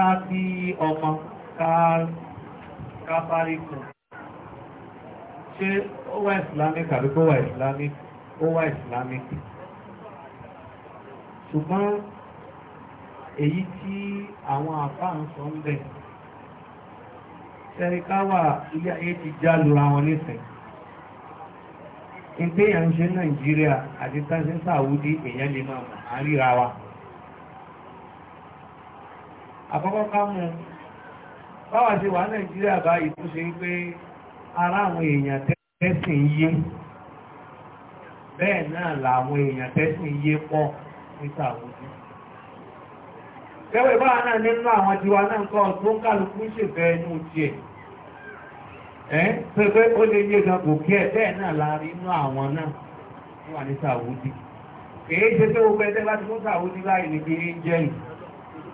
ká bí ọmọ ká parí kù ṣé ó wà islamic àbí kó wà islamic ó wà islamic ṣùgbọ́n èyí tí àwọn àfáà ń sọ ń bẹ̀ ṣẹ́ríkáwà ilé ayé ti já lura wọn nísìn ìpéyàn ṣe Nàìjíríà àti tánṣẹ́ Sàwúdí èèyàn lè máa mọ̀ wa. àkọ́kọ́ ká mú ṣe wà nàìjíríà báyìí tó ṣe ara àwọn èèyàn tẹ́sìn yé bẹ́ẹ̀ náà làwọn èèyàn tẹ́sìn yé pọ̀ níta àwùjọ kẹwẹ́ báwa náà nínú àwọn tiwa náà kọ́ tó ń kálukú ní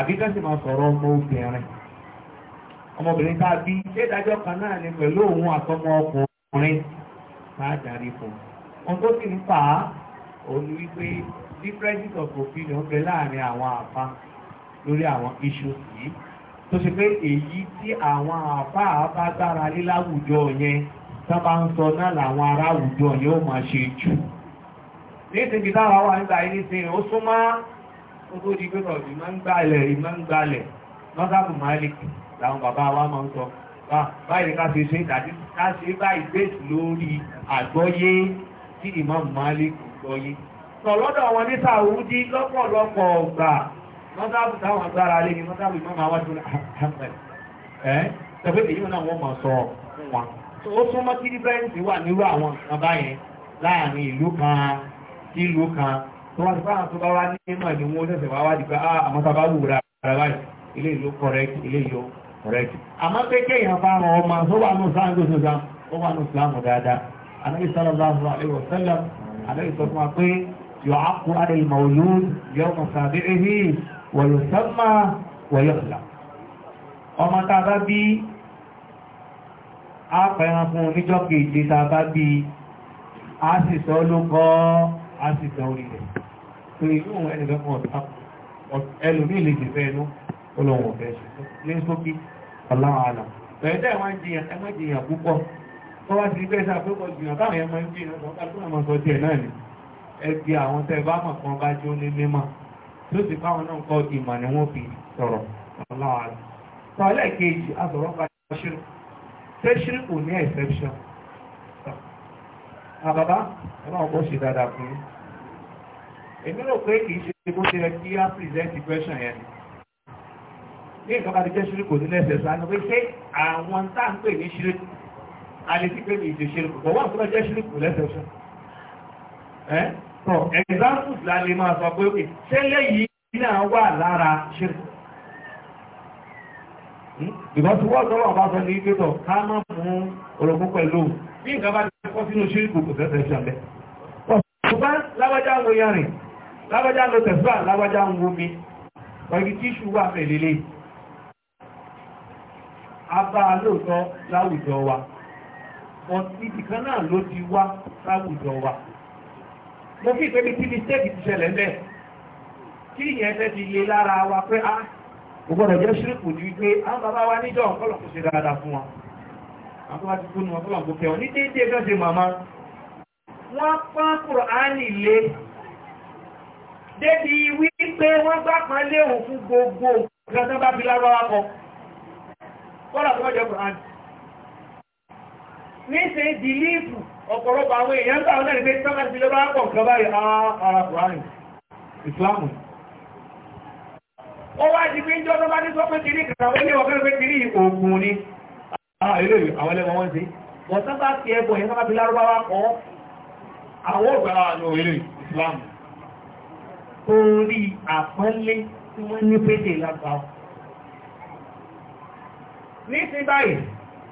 àbí kẹ́sì máa sọ̀rọ̀ ọmọ obìnrin ọmọbìnrin tá a bí ṣé ìdájọ́ kan náà ni pẹ̀lú òun àtọmọ ọkùnrin máa darí fún un ohun tó sì ń fà á òun ni wípé differences of opinion bẹ láàrin àwọn àfa lórí àwọn issues yìí tó ṣe pé èyí tí àwọn àfa bá gbára lé láwùjọ yẹn tá bá ń sọ náà làwọn ará yẹn ó máa ṣe jù ní ìsinmi táwa wà nígbà yìí ní ìsinmi ó súnmọ́ owó di pé ọ̀dì máa ń gbálẹ̀ ìmá ń gbálẹ̀ nọ́sàbù malik làwọn bàbá wa máa ń sọ ah, báyìí ká fi ṣe ìdájí ká ṣe báyìí bẹ́ẹ̀sì lórí àgbọ́yé tí imam malik gbọ́yé sọ̀lọ́dọ̀ wọn ní sàwúdí lọ́pọ̀lọpọ̀ ọgbà nọ́sàbù táwọn agbára lé ní nọ́sàbù imam awájú ahmed ẹ́ tẹ̀fẹ́ èyí náà wọ́n máa sọ fún wọn ó súnmọ́ kí dífẹ́ǹsì wà nírú àwọn nǹkan báyẹn láàrin ìlú kan sí ìlú kan tó wá nípa àwọn tó bá wá ní ìmọ̀ ni wọ́n tẹ̀sẹ̀ wá wá di pé ah, àwọn tá a bá wù ra ara báyìí ilé ìlú correct ilé ìlú correct àmọ́ pé kéèyàn bá ran ọmọ tó wà ní islam tó sọ̀tà ó wà ní islam dáadáa anábì sallallahu alaihi wa sallam anábì sọ fún wa pé yóò á kú adé mawlud yawma sabi'ihi wa yusamma wa yukhla ọmọ tá a bá bí a fẹ́ràn fún oníjọ́ kejì tá a pé inú ẹni lọ́mọ ọ̀tá ẹlòmíì lè jẹ́ ẹnu ọlọ́wọ̀n ọ̀fẹ́ ṣe ní sókí aláwọ̀ àlà ẹ̀ẹ́dẹ́ wọn jiyàn ẹmọ́ jiyàn púpọ̀ tó wá sí bẹ́ẹ̀ sáà púpọ̀ jiyàn táwọn ẹmọ ń jiyàn tó ká tó ẹmọ sọ tiẹ̀ náà ni ẹ di àwọn tẹ́ bá mọ̀ kan bá jó ní mímọ̀ tó sì fáwọn náà kọ́ àbàbá ọlọ́run kò ṣe dáadáa fún yín èmi rò pé kìí ṣe bó ṣe kí á present the question yẹn ní nǹkan bá ti jẹ́ ṣírí kò ní lẹ́sẹ̀ sánú pé ṣé àwọn tá à ń pè ní ṣírí àlètí pé kìí ṣe ṣírí kò wọ́n fún ọjọ́ kò lẹ́sẹ̀ ẹ́ tọ́ examples la lè máa sọ pé òkè ṣé lẹ́yìn náà wà lára ṣírí hmm? because wọ́n tọ́lọ̀ bá sọ ní ìgbé tọ̀ ká má mú orogún pẹ̀lú bí nǹkan bá ti kọ́ sínú ṣírí kò kò sẹ́sẹ̀ sọ lábájá lọ tẹ̀síwà lábájá ń wú mi ọ̀gí tíṣù wà pẹ̀lélé abá lóòtọ́ láwùjọ wa ọ̀tíbì kan náà ló ti wá láwùjọ wa mo fi ìpẹ́bí tí mi tẹ́kì ti ṣẹlẹ̀ mẹ́ kí ìyẹn fẹ́ ti lè lára wa pé á ah, ògbọ́dọ̀ jẹ́ ṣírìkù ní wípé àwọn bàbá wa níjọ́ ọ̀pọ̀lọ̀ kò ṣe dáadáa fún wa àwọn bá ti kú ní ọ̀pọ̀lọ̀ kò kẹ́ ọ ní déédéé fẹ́ màmá wọ́n pán kùrọ̀ á nílé débi wípé wọ́n gbá kan léwu fún gbogbo nǹkan tó bá fi lárọ́wá kọ kọ́lá tó wọ́jọ́ kùrán ní ṣe bìlífù ọ̀pọ̀lọpọ̀ àwọn èèyàn gbà náà nígbé tọ́ka sí lọ́wọ́ pọ̀ nǹkan báyìí ara ah, ah, kùrán ìsìláàmù ó wá di pé jọ́ tó bá ní sọ́pẹ́ kiri kàwọn ilé ọ̀fẹ́ pé kiri òògùn ni ah, àwọn ẹlẹ́wọ̀n wọ́n ṣe wọ́n sábà fi ẹ̀bùn yẹn sábà fi lárúbáwá kọ́ àwọn ọ̀gbà orí àpọ́nlé tí wọ́n ní pédè lágbàá ní ti báyìí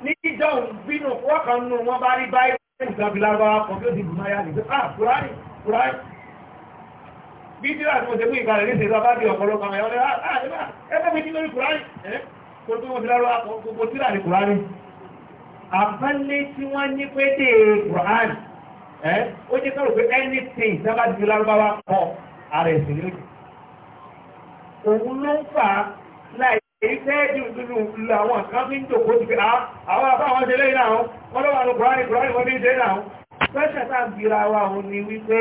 ní ìjọun bínú wọ́kan nù wọ́n bá rí báyìí ìgbàbí lágbàá kan ní pé ah kúránì kúránì bí tí láti mọ̀ tẹ́kù ìbàrẹ̀ ní ìṣẹ́lá bá ah, ah ẹgbẹ́ mi tí lórí kúránì kò tó wọ́n ti lárọ́ gbogbo tí láti kúránì àpọ́nlé tí wọ́n ní pédè kúránì ó jẹ́ kọ́rọ̀ pé anything tí wọ́n bá ti lárúbáwá kọ́ ara ẹ̀sìn lókè òun ló ń fà á láì èyí tẹ́ẹ̀dì nínú àwọn kan fi ń jòkó ti fi ah, àwọn àbá àwọn ṣẹlẹ̀ ìlà àwọn wọ́n lọ́wọ́ àwọn buhari buhari wọ́n ní ìṣẹ́ ìlà àwọn pẹ́ṣẹ̀ tá ń gbìra wa òun ni wípé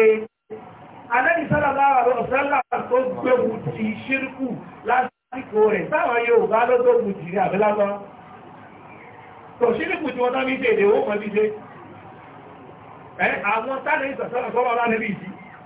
alẹ́ni sálàláwà lọ sálà tó gbéwu ti ṣírkù lásìkò rẹ̀ táwọn Yorùbá ló tó wù jì ní àbílágbá tó ṣírkù tí wọ́n tán ní ṣe èdè owó kan ti ṣe àwọn tánà ìsọ̀sọ́nà tó wà lánàá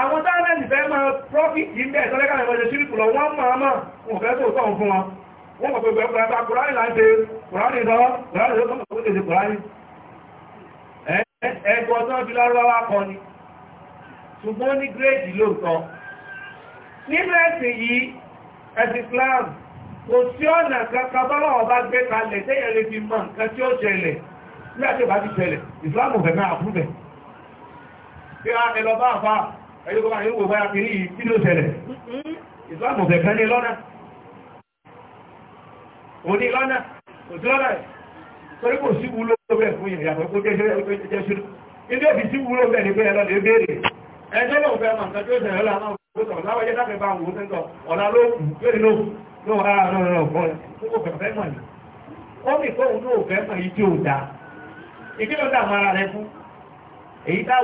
àwọn táàmẹ́lì fẹ́ máa prọ́fìtì ń bẹ̀ sọ́lẹ́kà ìwọ̀n ṣíríkù lọ wọ́n máa mọ́ wọn fẹ́ tó sọ́run fún wọn wọ́n mọ̀ pẹ̀lú ẹgbẹ̀rẹ̀ bá kùránì láti kùránì lọ kùránì ló kọ́mọ̀ tó tètè kùránì ẹgbọ́ tó bí lárúbáwá kọ ni ṣùgbọ́n ní gírèdì lóòótọ́ nínú ẹ̀sìn yìí ẹ̀sìn Islam kò sí ọ̀nà kankan bọ́lá ọba gbé kalẹ̀ tẹ́yẹ̀ lè fi mọ nǹkan tí bá ti ṣẹlẹ̀ a ẹlọ ẹ̀yọ́ tó bá yóò wò bára kiri yìí kí ló ṣẹlẹ̀ ìsìláàmù fẹ̀ kan ní lọ́nà òní lọ́nà òtí lọ́nà torí kò sí wúlò bẹ̀ fún yìí yàtọ̀ kó jẹ́ ṣúrú ilé ìbí sí wúlò bẹ̀ ní pé ẹlọ́ lè béèrè ẹjọ́ lọ́wọ́ fẹ́ màá tọ́jú ìṣẹ̀lẹ̀ lọ́la máa wò sọ̀rọ̀ láwọ́ yẹ́ dáfẹ́ bá wò sẹ́ńtọ̀ ọ̀la ló lórí ló ló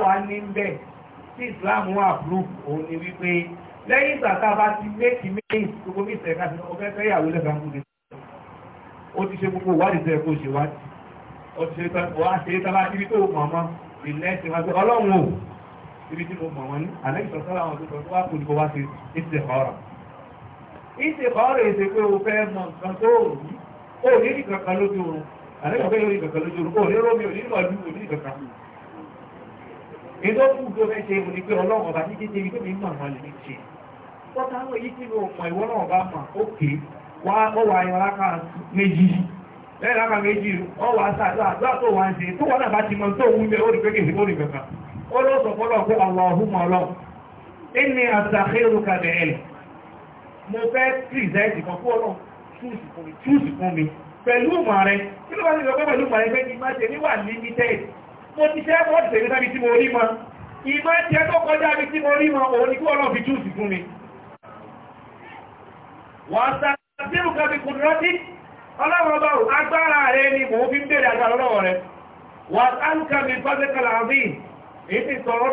wà rárá tí islam wà fún òun ni wípé lẹ́yìn ìgbà tá a bá ti méjì méjì gbogbo bí ìtẹ̀ka ti ọkọ̀ ẹ̀fẹ́ ìyàwó lẹ́gbàá kúrò ó ti ṣe gbogbo ìwádìí tẹ̀ kó ṣe wádìí ó ti ṣe tọ́lá ibi tó mọ̀ mọ́ ilẹ̀ ti wá pé ọlọ́run ò ibi tí mo mọ̀ wọ́n ní àlẹ́yìn sọ́lá àwọn tó sọ tó wá kó ní kó wá ṣe ìṣe ọ̀rọ̀ ìṣe ọ̀rọ̀ èsè pé o fẹ́ mọ nǹkan tó èdè fún tó fẹ́ ṣe ìwòní pé ọlọ́run ọba ní kéde ìgbé mi mọ̀ wọn lè ṣe tọ́ta àwọn èyí tí mo mọ̀ ìwọ ó ké wá ọwà ayọ̀ láka méjì lẹ́yìn láka méjì ọwà àṣàdúrà àdúrà wà ń ṣe tó wọn náà bá ti mọ̀ tó wú orí pé àwọn ọhún mọ ọlọ ẹni àṣàkéèrò fún ọlọ́run túùsì fún mo ti fẹ́ bọ́ọ̀dì tèmi sábi tí mo rí mọ́ ìmọ̀ tí ẹ tó kọjá bí tí mo rí mọ́ òun ni kí ọlọ́fi túùsì fún mi wọ́n sàbírù kan fi kùn rántí ọlọ́run ọba ò agbára rẹ ni mò ń fi ń bèrè agbára lọ́wọ́ rẹ wọ́n sàlùkà mi fọ́sẹ̀ kan làwọn bíi èyí sọ̀rọ̀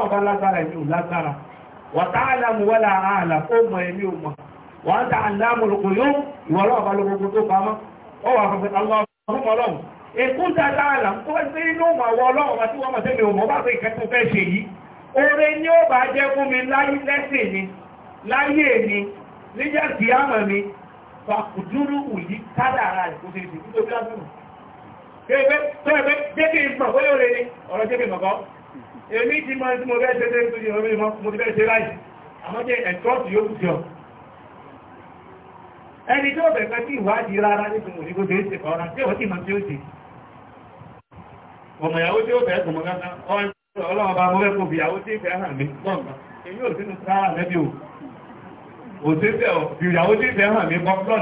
ọ̀dọ̀ wọ́n tààlàmù wọ́lá àlà yóò ìwọ́lọ́wọ́ bá lókun tó pamọ́ ọwà fún aláwọ̀mọ́ ọlọ́run èkú dáadáa àlà tó wọ́n sí inú ọmọ àwọn ọlọ́run àti wọ́n mọ̀ sí mi ò mọ́ bá fẹ́ ìkẹ́kọ̀ọ́ fẹ́ ṣe yìí oore ni ó bá jẹ́ fún mi láyé lẹ́sìn ni láyé mi níjẹ́ sí àmọ̀ mi fàkùdúrú òyí kádàrà rẹ̀ kó ṣe ìsìnkú tó bí lásìkò tó ẹgbẹ́ jẹ́kì ìmọ̀ ó yóò rẹ̀ ni ọ̀rọ̀ jẹ́kì ìmọ̀ kọ́ èmi ti mọ̀ tí mo fẹ́ ṣe tẹ́ ẹni tí ó bẹ̀ẹ̀kọ́ tí ìwádìí rárá ní tún òṣìkò tó ṣe ọ̀rá tí ó ti mọ̀ tí ó ṣe ọmọ ìyàwó tí ó bẹ̀ẹ́ gbọmọ̀ gánà ọlọ́wọ́ bá mọ́wẹ́ kò bìyàwó tí ìfẹ́ hàn mí lọ́nà èyí ò sínú sáà lẹ́bí o òṣèṣẹ́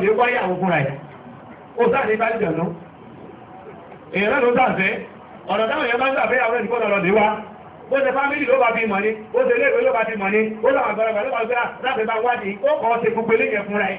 tí ó wáyàwó fúnra ló bá bí mọ̀ ní ó ṣe léèwé ló bá bí mọ̀ ní ó làwọn àgbàlagbà ló bá gbé láti ah, bá wádìí ó kọ́ ṣe gbogbo eléyẹ fúnra ẹ̀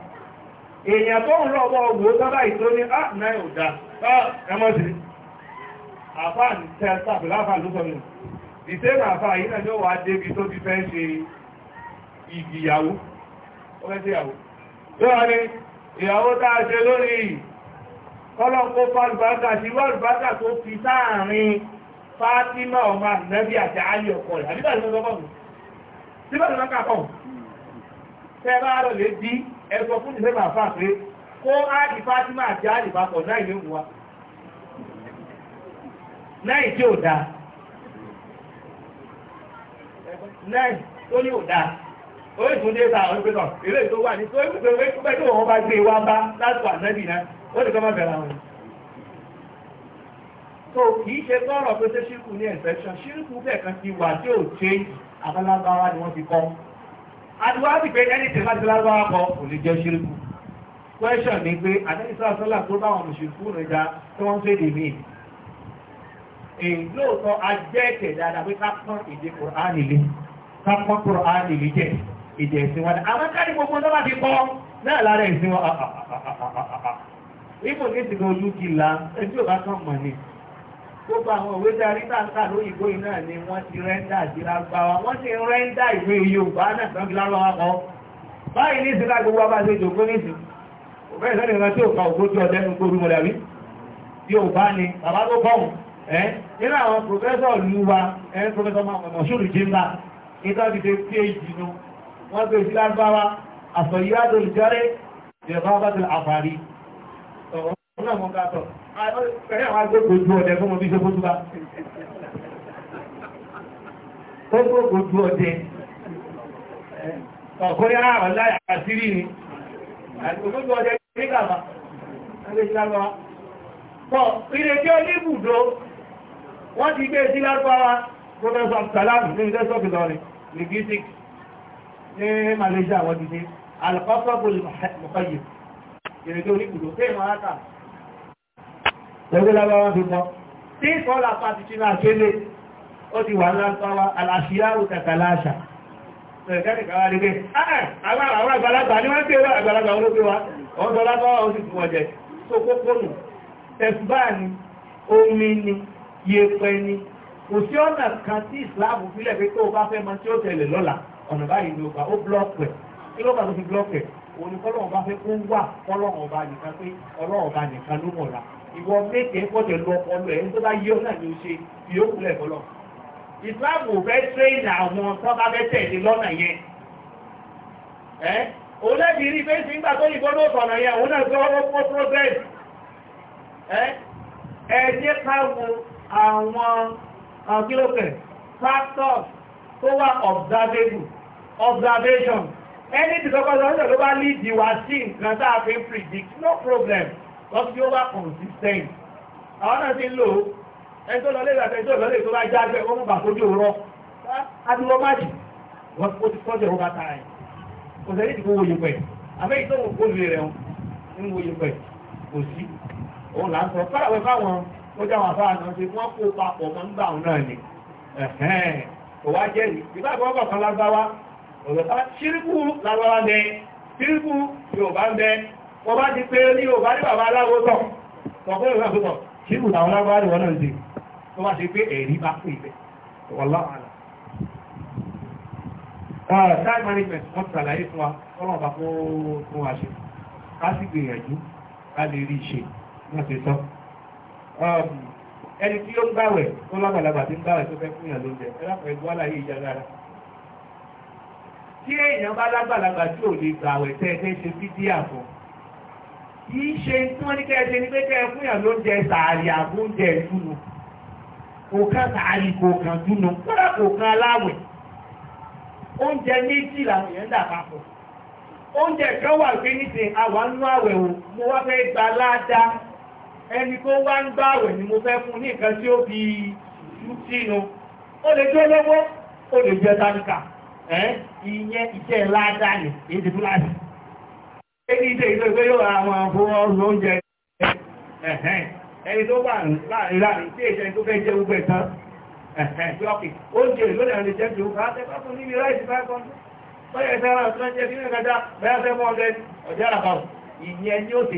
èèyàn tó ń lọ́wọ́ ọgbò tọ́lá ìtó ní ààbìnáì ah, òdá ah, ẹmọ́sí àfá ní tẹ́ẹ̀sàbì láfà ló sọ mìí ìtẹ́rù àfá yìí náà yóò wá débi tó ti fẹ́ ṣe ìgbìyàwó ọgbẹ́síyàwó yóò wá ní ìyàwó tàà ṣe lórí kọ́lọ́nkó fálùbáríkà sí fálùbáríkà tó fi sáàrin Fátímà ọmọ ànẹ́bí àti Àlí ọkọ rẹ̀ àbíbà ló sọ ẹ̀sọ fún ìfẹ́ bàá fà pé kó áàdì fátímà àti áàdì papọ̀ náà ìwé wa náà ìdí ò dáa náà tó ní ò dáa orí ìtúndé ta àwọn ìpínlẹ̀ ilé ìtò wà ní tó ìpínlẹ̀ pẹ́ tó wọ́n bá gbé wá bá láti wà nẹ́bì náà ó lè kọ́ máa bẹ̀rẹ̀ àwọn so kìí ṣe tọ́rọ̀ pé ṣe ṣírkù ní ẹ̀fẹ́ṣọ́ ṣírkù bẹ́ẹ̀ kan ti wà tí ò ṣe àbálábáwá ni wọ́n ti kọ́ àdúrà ti pé ẹni tẹ̀lá ti lárúbáwá kan kò lè jẹ́ ṣíríkù kwẹ́ṣọ̀n ni pé àdẹ́sílá sọ́là tó bá wọn mùsùlùkù rẹ̀ dá tí wọ́n ń fèdè mí lóòótọ́ ajẹ́ẹ̀tẹ̀ dáadáa pé kápọ́n èdè kùránì lé kápọ́n kùránì lé jẹ́ èdè ẹ̀sìn wọn àwọn kárí gbogbo tó bá fi kọ́ náà lára ẹ̀sìn wọn ìbò ní ti lọ ojú ti la ẹbí ò bá kàn mọ̀ ni gbogbo àwọn òwe darí tàǹtà lóyìnbó yìí náà ni wọ́n ti rẹ́ńdà sí lágbàwá wọ́n ti rẹ́ńdà ìwé Yorùbá náà tán fi lárọ́ wọn báyìí ní ìsinmi gbogbo ọba ṣe jòkó ní ìsìn òfẹ́ ìsẹ́ni ìran tí ò ka ògbójú ọdẹ ní gbogbo orúmọdà rí Yorùbá ni bàbá tó bọ̀ ẹ́ nínú àwọn pòfẹ́sọ̀ lu wa ẹ́ pòfẹ́sọ̀ mọ̀ṣúrù jimba nígbà tí ṣe phd nu wọ́n gbé sí lágbàwá àfọ̀yíwá tó lè jọ́rẹ́ ìrẹ̀fọ́ náà mọ́ ká sọ pẹ̀lú àwọn agbègbè ojú ọdẹ fún ọmọ bí ṣokó túbá ó gbogbo ojú ọdẹ ọ̀kọ́rí àwọn láyà àṣírí ni àgbègbè ọdẹ ní kàmá ẹgbẹ́ ìṣàlọ́wà pọ̀ ìrètí oníbùdó wọ́n ti gbé e sí lárúbáwá professor abdulsalam ní university of Ilorin linguistics ní Malaysia wọ́n ti dé alkọ́sọ́gbò mọ̀kàyè ìrètí oníbùdó tẹ́ ìmọ̀ Ẹgbẹ́ lábáwá fi mọ́. Tí kọ́lá pàtí tí máa kéde, ó ti wà lápáwá, àlàáfíáwò kàkàlá àṣà. Ẹ̀ẹ̀kẹ́ Kò sí ọ̀nà kan tí ìsìláàmù fílẹ̀ pé tó bá fẹ́ mọ tí ó tẹ̀lẹ̀ lọ́la, ọ̀nà báyìí ló bá ó blọ́ọ̀pẹ̀. Kí ló bá tó fi blọ́ọ̀pẹ̀? Òun ni kọ́lọ́run bá fẹ́ kó wà kọ́lọ́run ọba nìkan pé ọlọ́run ọba nìkan ló mọ̀ra ìwọ méje gbọ́dọ̀ lu ọpọlọ ẹ̀ tó bá yíó náà ni ó ṣe yóò kúlẹ̀ fọlọ́ islam ò fẹ́ tírẹ́yìn àwọn tó bá fẹ́ tẹ̀lé lọ́nà yẹn ẹ́ òun náà ti rí fẹ́sì nígbà tó yìnbọn ló sọ̀nà yẹn òun náà tó ọwọ́ pọ́ progress ẹ́ ẹ jẹ́ ká wo àwọn kílókè factors tó wà observable observation ẹni tí kọ́kọ́ sọ́nà tó bá lead wa sí nǹkan tá a fi predict no problem. lọ́sí ó wà consistent àwọn náà ti lò ẹjọ́ lọlé ìgbà tẹjọ́ lọlé tó bá jáde ó mú bàtójú rọ adúlọ máàjì wọ́n ti kọ́jọ́ ìwọ́n bá ẹ̀ kò wòye pẹ̀ tó rẹ̀ ń wòye pẹ̀ kò sí òun là ń sọ fáwọn fáwọn náà ṣe wọ́n kó papọ̀ mọ́ nígbà òun náà ni kò wá jẹ́ wọ́n bá ti pé ní ò bá ní bàbá aláwọ̀ tọ̀ tọ̀pọ̀ ìwé àfihàn kí ìwùn àwọn aláwọ̀ wọn náà dé wọ́n bá ti pé ẹ̀rí bá pè bẹ̀ wọ́n láwọn àlà time management wọ́n ti sàlàyé fún wa ọlọ́run bá kó fún wa ṣe ká sì gbìyànjú ká lè rí ṣe náà ṣe sọ ẹni tí ó ń gbàwẹ̀ tó lágbàlagbà tí ń gbàwẹ̀ tó fẹ́ fún ìyàn lóúnjẹ ẹlọ́pàá ẹgbẹ́ wà láyé tí èèyàn bá lágbàlagbà tí ò lè gbàwẹ̀ tẹ́ ṣe fídíà fún kìí ṣe tí wọ́n ní kẹ́ẹ̀ṣe ní pé kẹ́ẹ̀ fún ìyàn ló jẹ sàárì àgúnjẹ ìdúnu kò kán sàárì kò kàn dúnu kódà kò kán aláwẹ̀ oúnjẹ méjì làwọn èèyàn dà papọ̀ oúnjẹ kan wà pé o mo wá fẹ́ gba ládàá ẹni wá ń ni mo fẹ́ fún ní nǹkan tí ó fi sínú ó lè jẹ́ lọ́wọ́ ó lè jẹ́ ìyẹn ládàá ẹni ìjẹ́ ìjọ ìgbé yóò ra wọn fún oúnjẹ ẹni tó wà láàrin tí èṣẹ́ tó fẹ́ jẹ́ gbogbo ẹ̀tán blọ́kì tí ó ká tẹ́ fún níbi ráìsì five hundred bọ́yẹ̀ ẹ̀fẹ́ fẹ́ mọ́ ọ̀dẹ ọ̀dẹ́ àràbà ìyẹn ni ó ti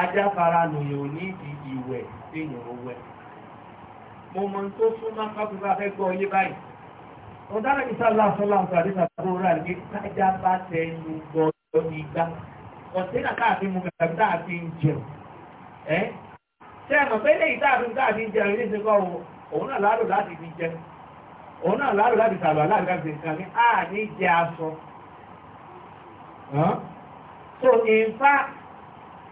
ajáfara lòyìn ní ìdí ìwẹ̀ téèyàn ó wẹ̀ mo mọ tó súnmọ́ pápákọ̀ afẹ́ gbọ́ yé báyìí wọ́n dára ní sáà láàfin láàfin àdéhà tó rà ní kájà bá tẹnu gbọ́dọ̀ ní igbá kọ̀tẹ́nà káàfin mu kàkà káàfin jẹun ẹ́ ṣé ẹ mọ̀ pé lẹ́yìn káàfin káàfin jẹun ilé ìṣẹ́kọ̀ òun náà láàrò láti fi jẹun òun náà láàrù láti sàlọ̀ aláàrùká ti nǹkan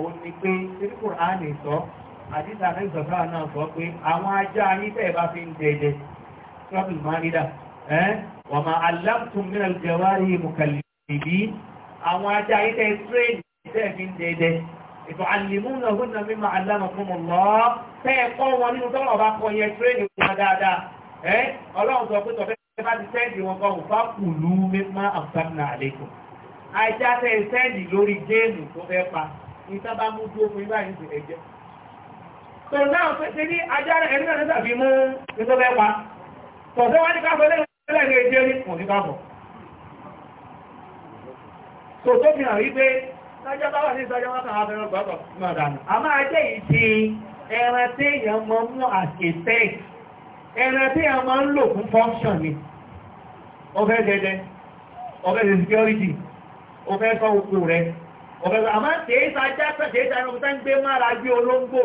òun ni pé títí kùránì sọ àdìsá náà ìsọ̀tà náà sọ pé àwọn ajá yín tẹ́ ẹ bá fi ń dẹ̀dẹ̀ sọ́ọ̀tù mánidà wa ma allamtum min al-jawari mukallibin àwọn ajá yín tẹ́ tírẹ́ẹ̀nì tẹ́ fi ń dẹ̀dẹ̀ ètò allimunahunna mimma allamakumullah tẹ́ ẹ kọ́ wọn nínú tọ́lọ̀ bá kọ yẹn tírẹ́ẹ̀nì ìta bá mú dúró fún ibáyìí sí ẹ̀jẹ̀ pẹ̀lú náà pẹ̀sẹ̀ ní ajára ẹni náà tàbí mú nítorí ẹ̀pá tọ̀sẹ̀ wá ní káfọ́ lẹ́yìn ẹ̀jẹ̀ ní kùn ní káfọ́ tó tó fi hàn wípé sájá bá wà ní sájá wá kàn áfẹ́rẹ́ gbọ́tọ̀ náà dànù a máa jẹ́ ìdí ẹran tí èèyàn mọ mú àṣetẹ́ ẹran tí èèyàn máa ń lò fún function ni ọfẹ́ jẹjẹ ọfẹ́ security ọfẹ́ sọ oko rẹ̀ ọ̀gbẹ̀gbẹ̀ àmá tèéta jápẹ̀ tèéta ẹranko tán gbé mára bí olóńgbò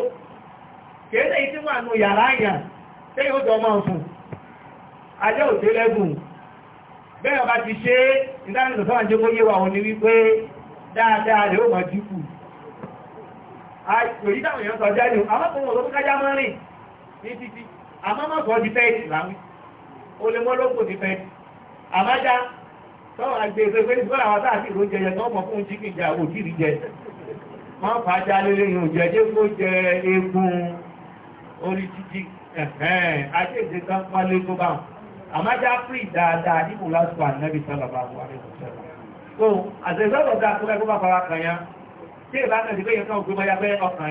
tèéta yìí tí wà nù yàrá àyàn tẹ́ yóò jọ máa fún ajẹ́ òtẹ́ lẹ́gùn bẹ́ẹ̀ ọba ti ṣe ìdánilò ni wípé dáadáa rẹ̀ ó máa dínkù òyí táwọn èèyàn sọ jáde àmọ́ kò wọ́n tó kájá máa rìn ní títí àmọ́ mọ́ sọ di fẹ́ẹ̀tì láwí o lè mọ́ lóko di fẹ́ẹ̀tì Tọ́wọ́ àgbè ìfẹ́fẹ́ ìfẹ́ àwọn táàkì ló jẹjẹ tó mọ̀ fún chicken jẹ àwọn òkìrì jẹ. Wọ́n fà á jálé lẹ́yìn òjẹ́ jẹ́ kó jẹ egun orí títí ẹ̀hẹ́n àti èdè kan pálé tó bá wọn. Àmájá fún ìdáadáa nípò lásìkò ànábì sábàbà wà ní So, àṣẹ̀sọ́bọ̀ dá tó lẹ́kọ́ bá fara kàn yán. Tí ìbá náà ti bẹ́yẹn kan ògbé báyá bẹ́ ọkàn